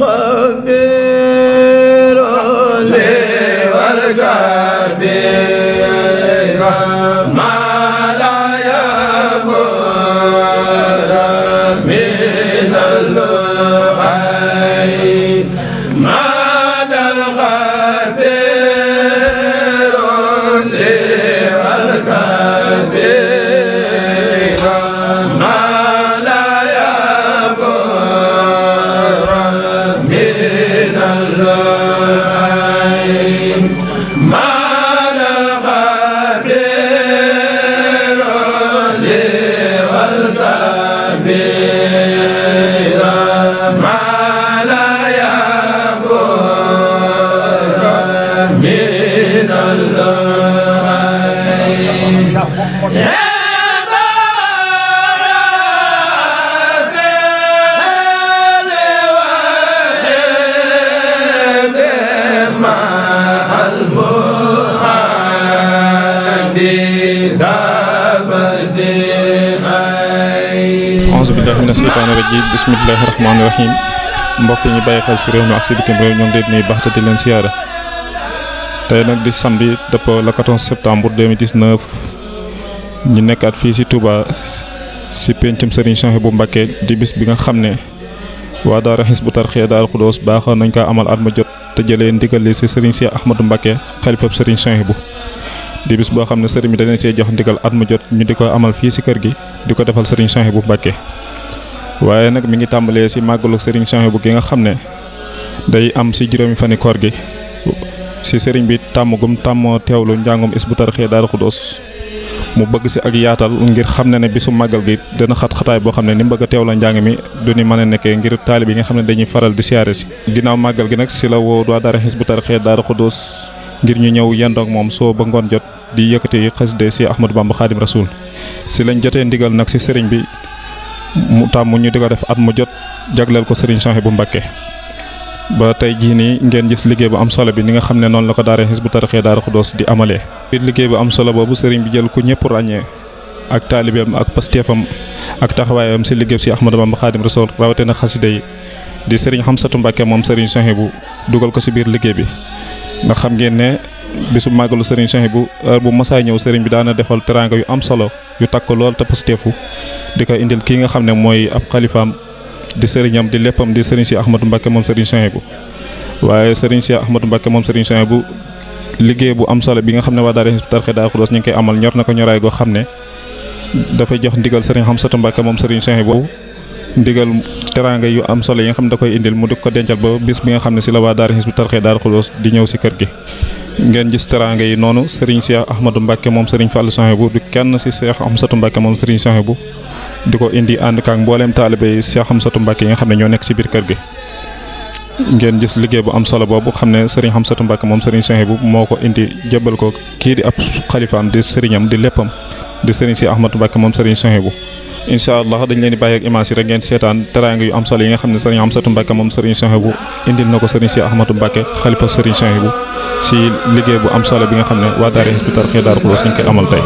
xamee bismillahi rahmaani rahim mbokk yi ñu bàyyi xel si réew mi ak si bitim réew ñoo ngi leen nuyu baax te di leen siyaare tey nag di samedi dëppoo le 14 septembre 2019 ñu nekkaat fii si Touba si pencum sëriñ bu Mbacké di bis bi nga xam ne waa daara Hizbut Tarqiyyah Daaru Xudoos baaxoon nañ koo amal at mu jot te jëlee ndigal li si sëriñ si Ahmadou Mbacké xalifab sëriñ Souhaïbou di bis boo xam ne sëriñ bi dana see jox ndigal at mu jot ñu di ko amal fii si kër gi di ko defal sëriñ Souhaïbou Mbacké waaye nag mi ngi tàmbalee si màggalu sëriñ Souhaïbou gi nga xam ne day am si juróomi fani gi si sëriñ bi tàmm gum tàmm teewlu njàngum Hizbut-Tarqiyyah Daaru Xudoos mu bëgg si ak yaatal ngir xam ne ne bisu màggal gi dana xat-xataay boo xam ne ni mu bëgg a njàng mi du ni mën a nekke ngir taalib yi nga xam ne dañuy faral di siyaare si ginnaaw màggal gi nag si la woo waa daara Hizbut-Tarqiyyah Daaru Xudoos ngir ñu ñëw yendoog moom soo ba ngoon jot di yëkkati xaside si Ahmadou Bamba Xaadim Rasoul si lañ jotee ndigal nag si sëriñ bi mu tàmm ñu di ko def at mu jot jagleel ko Serigne Souhaibou Mbacké ba tey jii nii ngeen ji liggéey bu am solo bi ni nga xam ne noonu la ko daara Hizbut Tarqiyyah daara Xuddoos di amalee. biir liggéey bu am solo boobu Serigne bi jël ku ñëpp ràññee ak taalibeem ak pasteefam ak taxawaayam si liggéey si Ahmadou Bamba Xaadim Rasuul rawatina xasida yi di Serigne Hamsatou Mbacké moom Serigne bu dugal ko si biir liggéey bi nga xam ngeen ne bisub màggalu sëriñ Cheikh bu heure bu masaa ñëw sëriñ bi daana defal teraanga yu am solo yu takk lool te pasteefu di ko indil kii nga xam ne mooy ab xalifaam di sëriñam di léppam di sëriñ si Ahmadou Mbacke moom sëriñ Cheikh bu waaye sëriñ si Ahmadou Mbacke moom sëriñ Cheikh bu liggéey bu am solo bi nga xam ne waa daara Hizbut Tarqiyyah Daaru Xudoos ñu ngi koy amal ñor na ko ñoraay goo xam ne dafay jox ndigal sëriñ Xamsatu Mbacke moom sëriñ Cheikh bu ndigal teraanga yu am solo yi nga xam ne da koy indil mu di ko dencal ba bis bi nga xam ne si la waa daara Hizbut Tarqiyyah Daaru Xudoos di ñëw si kër gi ngeen gis teraanga yi noonu Serigne Cheikh Ahmadou Mbacke moom Serigne Fallou Souhaïbou du kenn si Cheikh satu Mbacke moom Serigne Souhaïbou di ko indi ànd kaak mbooleem taalibe yi Cheikh Amsatou Mbacke yi nga xam ne ñoo nekk si biir kër gi. ngeen gis liggéey bu am solo boobu xam ne Serigne Amsatou Mbacke moom Serigne Souhaïbou moo ko indi jébbal ko kii di ab xalifaam di sëriñam di léppam di Serigne Cheikh Ahmadou Mbacke moom Serigne Souhaïbou. incha allah dañ leen di bàyyi ak image yi rek seetaan teraanga yu am nga xam ne Serigne Amsatou Mbacke moom Serigne Souhaïbou indil na ko Serigne Cheikh Ahmadou Mbacke xalifa Serigne Souhaïbou si liggéey bu am solo bi nga xam ne waa daara Hizbut Tarqiyyah Daaru Xudoos ñu koy amal tey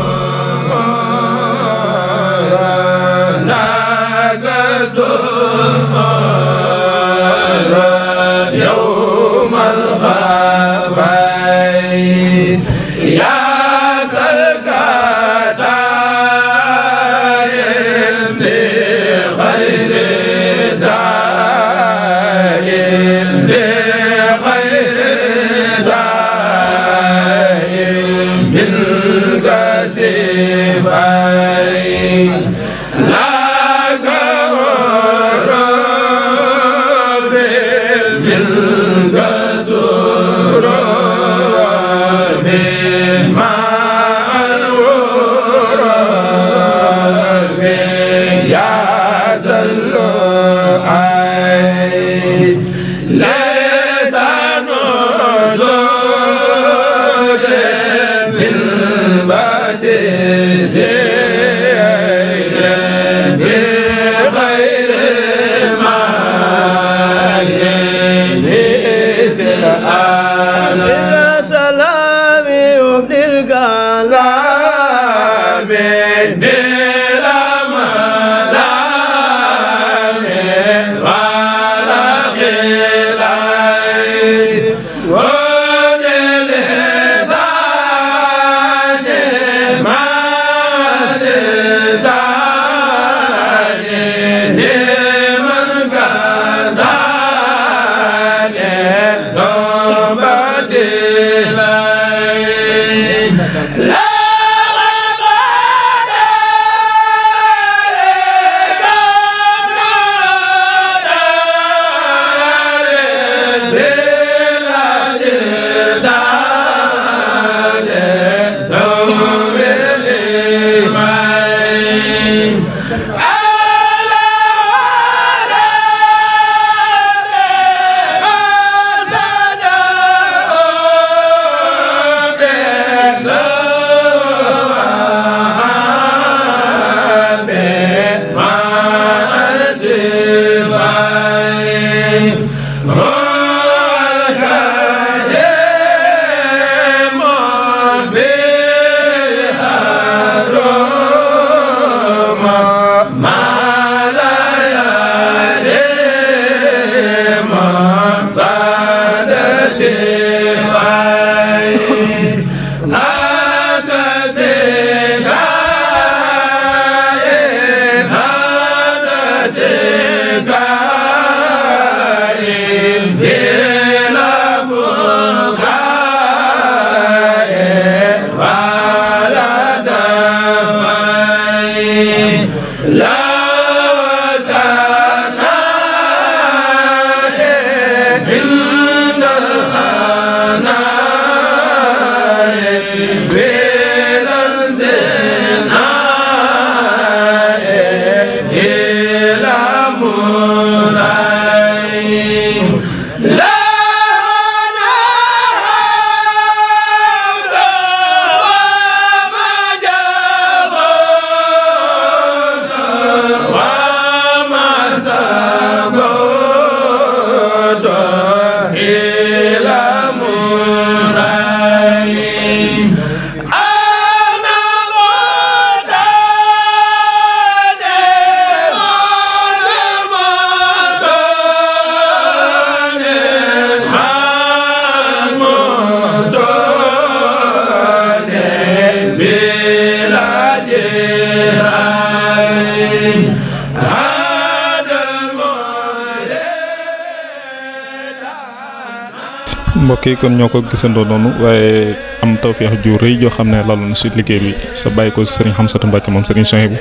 mbokk kon ñoo ko gisandoo noonu waaye am tawféex ju rëy joo xam ne laloon si liggéey bi sa bàyyi ko sëriñ Xamsatu Mbàkke moom sëriñ bi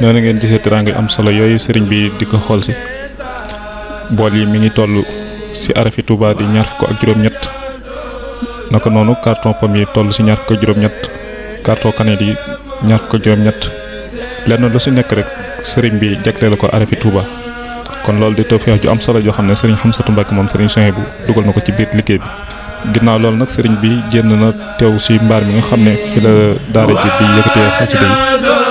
noonu ngeen gisee teraanga am solo yooyu sëriñ bi di ko xool si bool yi mi ngi toll si arafi Touba di ñaar fukk ak juróom-ñett naka noonu carton pom yi toll si ñaar fukk ak juróom-ñett carton kanet yi ñaar fukk ak juróom-ñett lenn lu si nekk rek sëriñ bi jagleel ko arafi Touba. kon loolu di tawféex ju am solo joo xam ne sëriñ Xamsatu Mbàkke moom sëriñ Souhaïbou dugal na ko ci biir liggéey bi ginnaaw loolu nag sëriñ bi génn na teew si mbaar mi nga xam ne fi la daara ji di yëkkatee xasida yi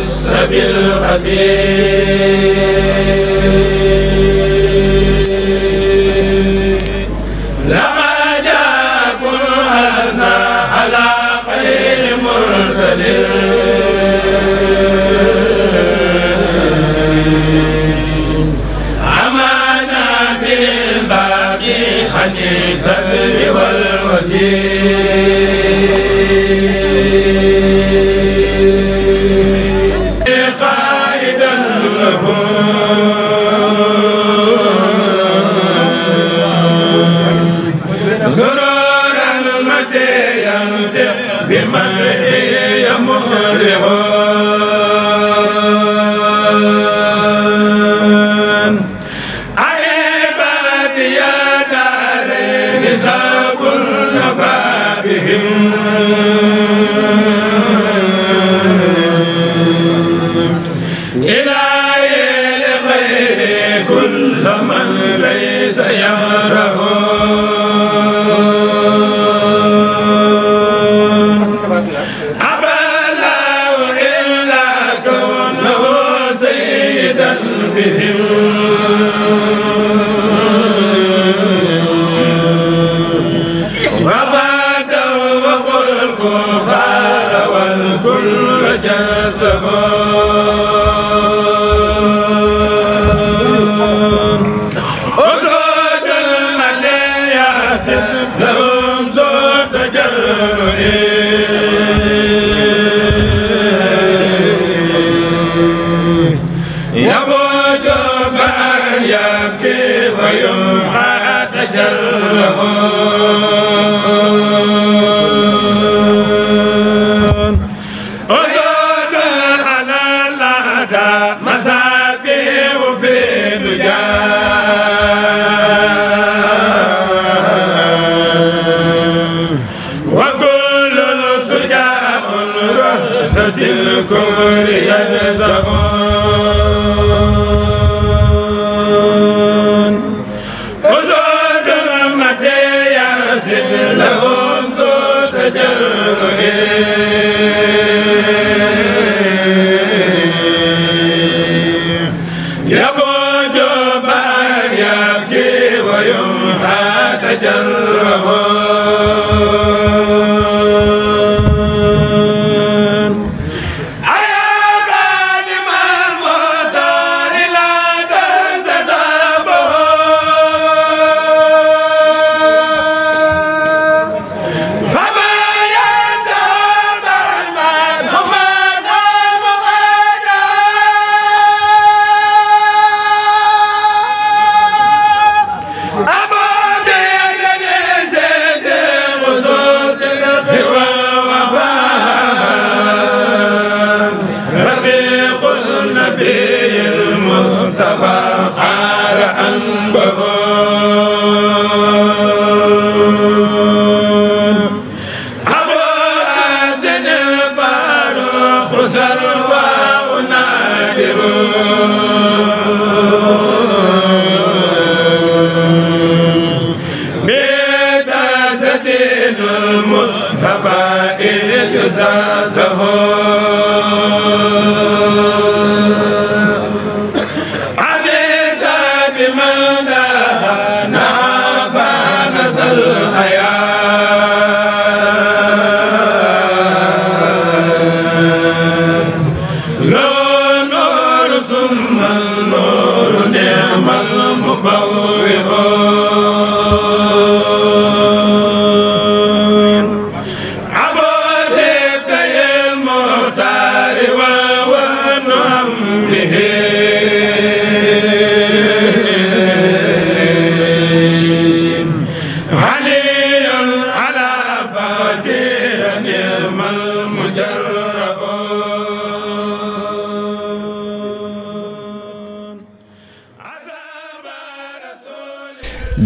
يحس بالغزير لقد جاكم هزنا على خير مرسل عمانا بالباقي عن السر والوزير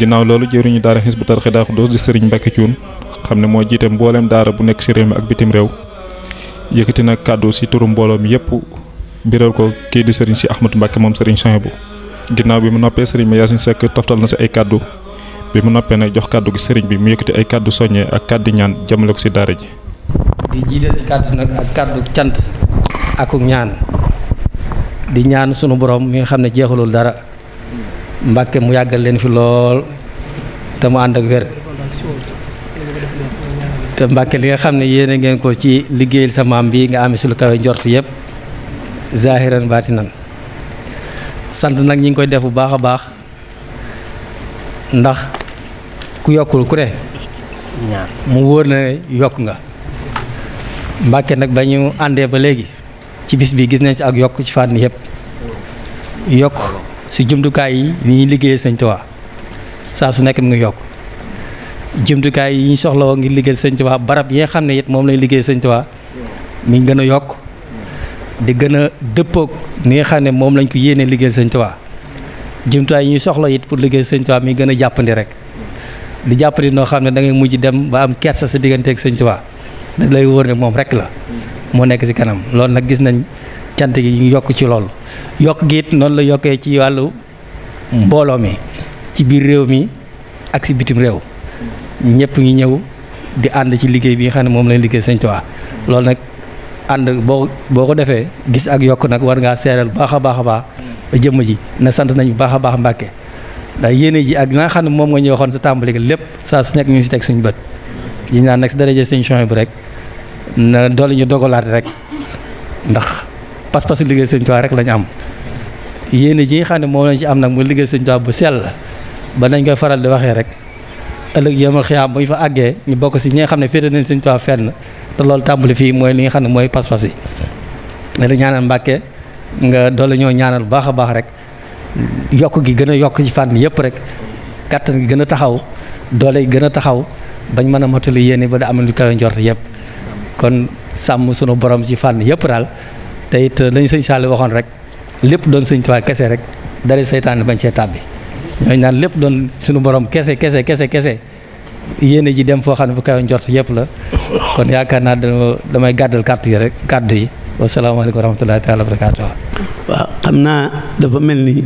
ginnaaw loolu jëriñu daara Hizbut Tarqiyyah Daaru Xudoos di sëriñ Mbacke Cuun xam ne moo jiite mbooleem daara bu nekk ci réew mi ak bitim réew yëkkati na kàddu ci turu mbooloo mi yëpp biral ko kii di seriñ si Ahmadou Mbacke moom sëriñ Chouhaïbou ginnaaw bi mu noppee sëriñ bi Yacine Seck toftal na ci ay kàddu bi mu noppee nag jox kàddu gi bi mu yëkkati ay kàddu soññee ak kàddu ñaan jëmale ko ci daara ji. di jiite ci kàddu nag ak kàddu cant ak ñaan di ñaan sunu borom Mbàkke mu yàggal leen fi lool te mu ànd ak wér te Mbàkke li nga xam ne yéene ngeen ko ci liggéey sa maam bi nga amee si lu kawe njort yëpp zahiran baatinan sant nag ñu ngi koy def bu baax a baax ndax ku yokkul ku ne mu wóor na yokk nga Mbàkke nag ba ñu àndee ba léegi ci bis bi gis nañ si ak yokk ci fànn yépp yokk si jumtukaay yi ni ñuy liggéeyal sëñ saa su nekk mu ngi yokk jumtukaay yi ñu soxla woo ngir liggéeyal sëñ Tuubaa barab yi nga xam ne it moom lay liggéeyal sëñ Tuubaa mi ngi gën a yokk di gën a dëppoog nga xam ne moom lañ ko yéenee liggéeyal sëñ Tuubaa jumtukaay soxla it pour liggéeyal sëñ Tuubaa gën a jàppandi rek di jàppandi noo xam ne dangay mujj dem ba am kersa sa digganteeg digganteek Tuubaa da lay wóor ne moom rek la moo nekk si kanam loolu nag gis nañ cant gi ñu yokk ci loolu yokk giit noonu la yokkee ci wàllu mbooloo mi ci biir réew mi ak si bitim réew ñëpp ngi ñëw di ànd ci liggéey bi nga xam ne moom lañ liggéey Sëñ Tuubaa loolu nag ànd boo boo ko defee gis ak yokk nag war ngaa seeral baax a baax a baax jëmm ji na sant nañ bu baax a baax Mbàkke ndax yéene ji ak na nga xam ne moom nga ñu waxoon sa tàmbali lépp saa su nekk ñu si teg suñu bët yi naan nag si daraja Sëñ Suhaybu bi rek na doole ñu dogalaat rek ndax pas-pas liggéey sëñ rek la ñu am yéene ji nga xam ne moom lañ ci am nag mu liggéey sëñ Tuubaa bu sell ba nañ koy faral di waxee rek ëllëg yémal xiyaam bu ñu fa àggee ñu bokk si ñi nga xam ne féete nañ sëñ Tuubaa fenn te loolu tàmbali fii mooy li nga xam ne mooy pas-pas yi ne la ñaanal Mbàkke nga doole ñoo ñaanal bu baax a baax rek yokk gi gën a yokk ci fànn yëpp rek kattan gi gën a taxaw doole yi gën a taxaw bañ mën a motali yéene ba da am lu kawe njort yëpp kon sàmm sunu borom ci fànn yëpp daal te it uh, sëñ Sall waxoon rek lépp doon sëñ Tuubaa kese rek dara seytaane bañ see tàbbi ñooñu naan lépp doon suñu borom kese kese kese kese yéene ji dem foo xam ne fu yëpp la kon yaakaar naa damay gàddal kàddu yi rek kàddu yi wasalaamaaleykum wa rahmatullahi taala wa dafa mel ni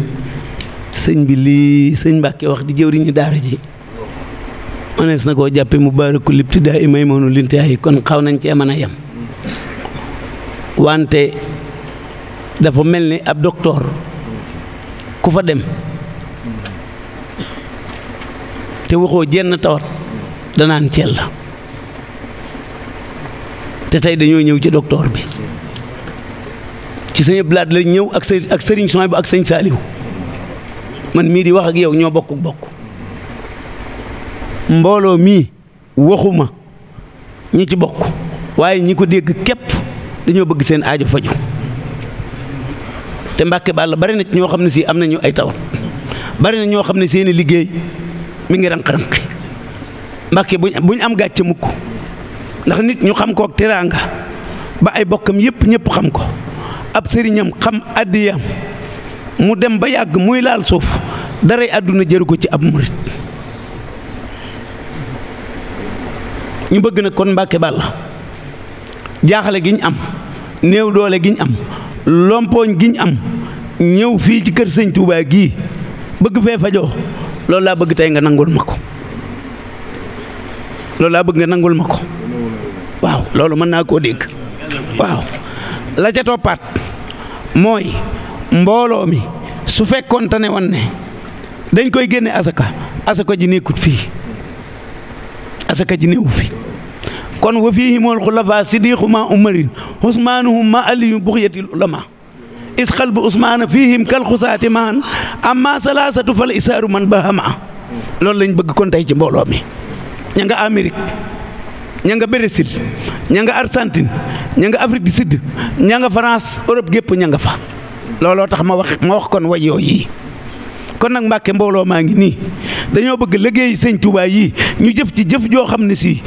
sëñ bi lii sëñ Mbàkke wax di jëwriñu daara ji manees na koo jàppe mu baaraku liptidaa i may moonu lintiyaa yi kon xaw nañ cee mën a yem wante dafa mel ni ab doktoor ku fa dem te waxoo jenn tawat danaan ceel la te tey dañoo ñëw ci doktoor bi ci sëñ blaat la ñëw ak sëriñ ak sëriñ Sohaybu ak sëñ Saaliw man mii di wax ak yow ñoo bokk bokk mbooloo mii waxuma ñi ci bokk waaye ñi ko dégg képp dañoo bëgg seen aajo faju te Mbàkke Bàlla bari na ñoo xam ne si am nañu ay tawat bari na ñoo xam ne seeni liggéey mi ngi ranq-ranqi Mbàkke bu ñu am gàcce mukk ndax nit ñu xam kook teraanga ba ay bokkam yëpp ñëpp xam ko ab sëriñam xam àddiyam mu dem ba yàgg muy laal suuf daray àdduna jëru ko ci ab murit ñu bëgg na kon Mbàkke Bàlla jaaxale giñ am néew doole gi am lompooñ giñ am ñëw fii ci kër sëñ Touba gii bëgg fee fajoo loolu laa bëgg tey nga nangul ma ko loolu laa bëgg nga nangul ma ko loolu mën naa koo dégg waaw la ca toppaat mooy mbooloo mi su fekkoon tane ne dañ koy génne asaka asaka ji nekkut fii asaka ji néewu kon wa fiihimul xulafa sidiquma umarin usmaanuhum ma aliyu buxyatil ulama isxal bu usmaana fiihim kal xusaati maan amma salaasatu fal isaaru man a loolu lañ bëgg kon tey ci mbooloo mi ña nga Amérique ña nga Brésil ña nga Argentine ña nga Afrique du Sud ña nga France Europe gépp ña nga fa looloo tax ma wax ma wax kon way yooyu kon nag Mbàkke mbooloo maa ngi nii dañoo bëgg liggéey sëñ Tuubaa yi ñu jëf ci jëf joo xam ne sii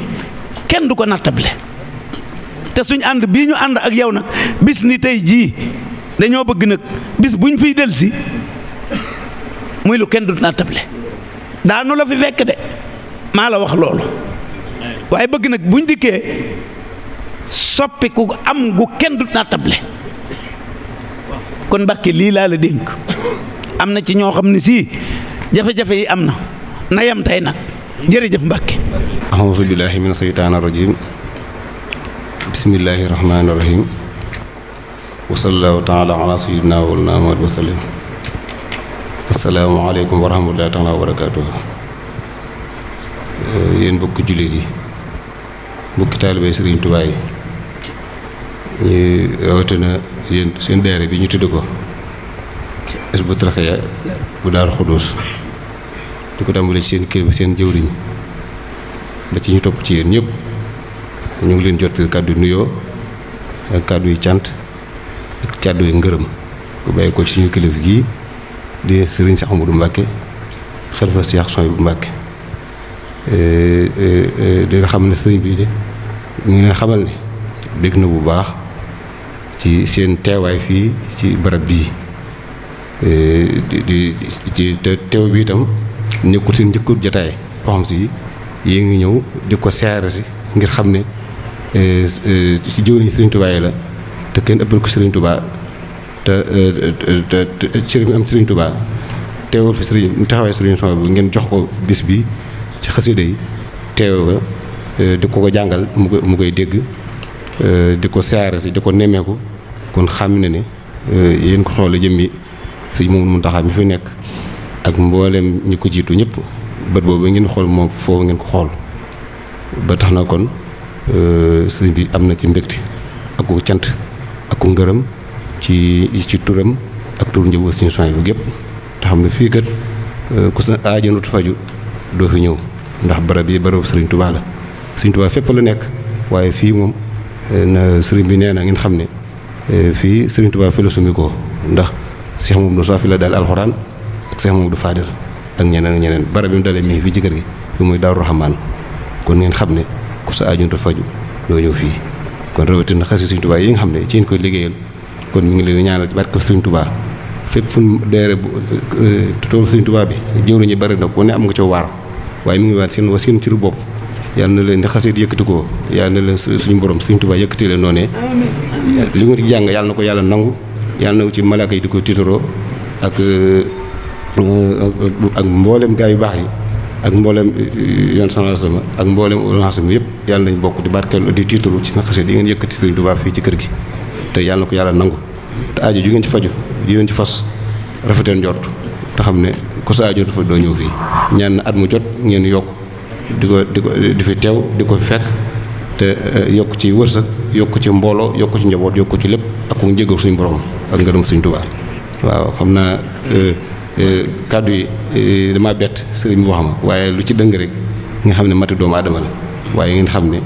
kenn du ko nattable te suñ ànd bii ñu ànd ak yow nag bis ni tey jii dañoo bëgg nag bis buñ fiy delsi muy lu kenn du nattable daanu la fi fekk de maa la wax loolu waaye bëgg nag buñ dikkee soppi ku am gu kenn du nattable kon Mbàkke lii laa la dénk am na ci ñoo xam ne sii jafe-jafe yi am na na yam tey nag jërëjëf Mbacke. aouzu billahi min seytaani rajim bismillahi rahmaani rahim wa sallallahu taala ala sayyidina wa lana Muhammad wa sallam assalaamu aleykum wa rahmatullahi taala wa barakaatuh eh, yéen mbokki jullit yi mbokki taalibe Sëriñ Tuubaa yi ñu rawatina yéen seen daayira bi ñu tudd ko Hizbut Tarqiyyah bu Daaru Xudoos di ko tàmbalee ci seen kilifa seen jëwriñ ba ci ñu topp ci yéen ñëpp ñu ngi leen jot kàddu nuyoo ak kàddu yi cant ak kàddu yi ngërëm bu bàyyi ko ci suñu kilifa gii di sëriñ Cheikh Amadou Mbacke xalifa Cheikh Souhaïbou Mbacke eh, eh, eh, di nga xam ne sëriñ bi de ñu ngi leen xamal ne bég na bu baax ci seen teewaay fii ci barab bii di di ci teew bi itam nekkul seen njëkk jotaay si yéen ngi ñëw di ko seere si ngir xam ne eh, si jëwriñ Serigne Touba la te kenn ëppal ko Serigne Touba te te te cër bi am Serigne Touba teewul fi Serigne taxawaay Serigne Son bi ngeen jox ko bis bi ci xasida yi teew ko eh, di ko ko jàngal mu koy mu koy dégg eh, di ko seere si di ko nemmeeku kon xam na ne yéen ko xool jëmmi sëñ moom Mountakha mi fi nekk. ak mbooleem ñi ko jiitu ñëpp bët boobu ngeen xool moom foofu ngeen ko xool ba tax na kon euh, sëriñ bi am na ci mbégte ak ku cant ak ku ngërëm ci ci turam ak tur njëbu suñu soñ bu gépp te xam ne fii kat euh, ku sa aajanut faju doo fi ñëw ndax barab yi barabu sëriñ Tuubaa la sëriñ Tuubaa fépp la nekk waaye fii moom euh, na sëriñ bi nee naa ngeen xam ne fii sëriñ Tuubaa fi la ko ndax si xamum no soo fi la daal alxuraan ak Cheikh Mamadou Fadil ak ñeneen ak ñeneen barab bi mu dalee mii fii ci gi fi muy Daaru Rahmaan kon ngeen xam ne ku sa ajunta faju doo ñëw fii kon rawatina xasi Sëriñ Tuubaa yi nga xam ne ci ñu koy liggéeyal kon mi ngi leen ñaanal ci barke Sëriñ Tuubaa fépp fu mu deere eh, toolu Sëriñ Tuubaa bi jëw nañu bari na ku ne am nga coo waar waaye mu ngi waat seen wa seen ci lu bopp yàlla na leen di xasee yëkkati ko yàlla na leen suñu borom Sëriñ Tuubaa yëkkati leen noonee li nga jàng yàlla na ko yàlla nangu yàlla na ci malaaka yi di ko tiitaroo ak eh, ak mbooleem gaa yu baax yi ak mboolem eh, yoon sama ak mboolem lancement yëpp yàlla nañ bokk di barkeel di tiitaru ci seen xasee di ngeen yëkkati Sëriñ Tuubaa fii ci kër gi te yàlla ko yàlla nangu te ajo ju ngeen ci faju yu ngeen ci fas rafeteen jot te xam ne ku sa aajo dafa doo ñëw fii ñaan na at mu jot ngeen yokk di ko di ko di fi teew di ko fekk te eh, yokk ci wërsëg yokk ci mbooloo yokk ci njaboot yokk ci lépp ak ku njëgal suñu borom ak ngërëm Sëriñ Tuubaa Euh, kàddu yi euh, damaa bett sëriñ bi wax ma waaye lu ci dëng rek nga xam ne mati doomu aadama la waaye ngeen xam ne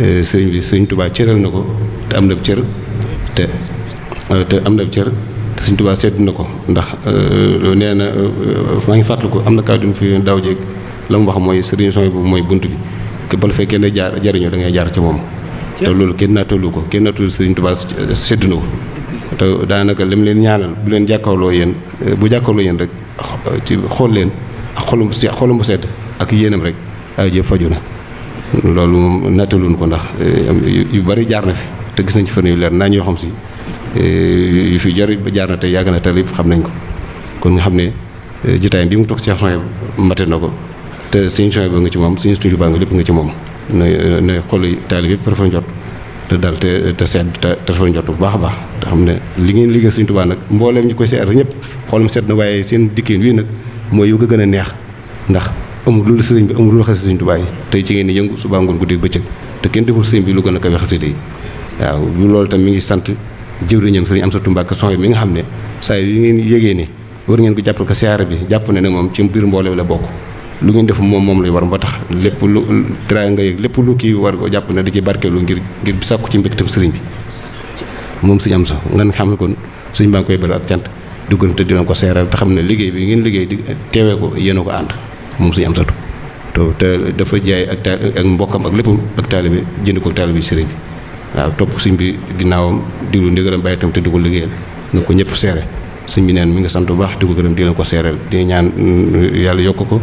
euh, sëriñ bi sëriñ tubaa cëral na ko te am na cër te te am na cër te sëriñ tubaa sedd na ko ndax nee na maa ngi ko am na kàddu yu fi daaw jéeg la mu wax mooy sëriñ son bu mooy bunt bi bala fekkee ne jaar jariñoo da ngay jaar ci moom te loolu kenn naatalu ko kenn naatalu sëriñ tubaa sedd na ko te daanaka lim leen ñaanal bu leen jàkkaarloo yenn eh, bu jàkkaarloo yéen rek eh, ci xool leen ak xolum se xolum bu sedd ak yéenam rek ay jëf faju na loolu moom nattaluñ ko ndax eh, yu bari jaar na fi te gis nañ ci fan yu leer naa ñoo xam si yu fi jar jaar na te yàgg na te lépp xam nañ ko kon nga xam ne jotaay bi mu toog Cheikh Souhaïbou mate na ko te Serigne Souhaïbou nga ci moom Serigne Touba nga lépp nga ci moom ne ne xolu taalib yëpp dafa njot te dal te te seen te te fa njot baax baax te xam ne li ngeen liggéey Sëriñ Tuubaa nag mbooleem ñu koy seet ñëpp xoolam seet na waaye seen dikkin wii nag mooy yu ko gën a neex ndax amul lu sëriñ bi amul lu xasee Sëriñ Tuubaa yi tey ci ngeen di yëngu suba ngoon guddi bëccëg te kenn deful sëriñ bi lu gën a kawe xasida yi waaw loolu tam mi ngi sant jëwriñam sëriñ Amsatu Mbàkke soxna mi nga xam ne saa yi ngeen yégee ne war ngeen ko jàppal ko siyaara bi jàpp ne ne moom ci biir mbooleem la bokk lu ngeen def moom moom lay war ba tax lépp lu teraanga yeeg lépp lu kii war ko jàpp na di ci barkeelu ngir ngir sàkku ci tam sëriñ bi moom suñu am sax nga xam ne kon suñ baa ngi koy bëri ak cant di dina ko seeral te xam ne liggéey bi ngeen liggéey di teewee ko yéen ko ànd moom suñu am te dafa jaay ak taal mbokkam ak lépp ak taalibe jënd ko taalibe sëriñ bi waaw topp suñ bi ginnaawam diglu ndigalam bàyyi itam te di ko liggéeyal nga ko ñëpp seere suñ bi neen mi nga sant bu baax di ko gërëm di leen ko seereel di ñaan mm, yàlla yokk ko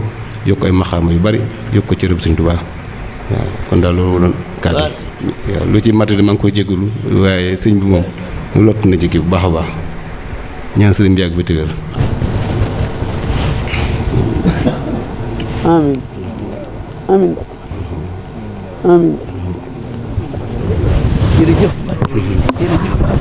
yokk ay maxaama yu bari yokk ko cërëb du Tuubaa waaw kon daal loolu doon kàddu waaw lu ci matadi maa ngi koy jégalu waaye sëñ bi moom mu lott na jikki bu baax a baax ñaan sëriñ bi ak fi amin amin amin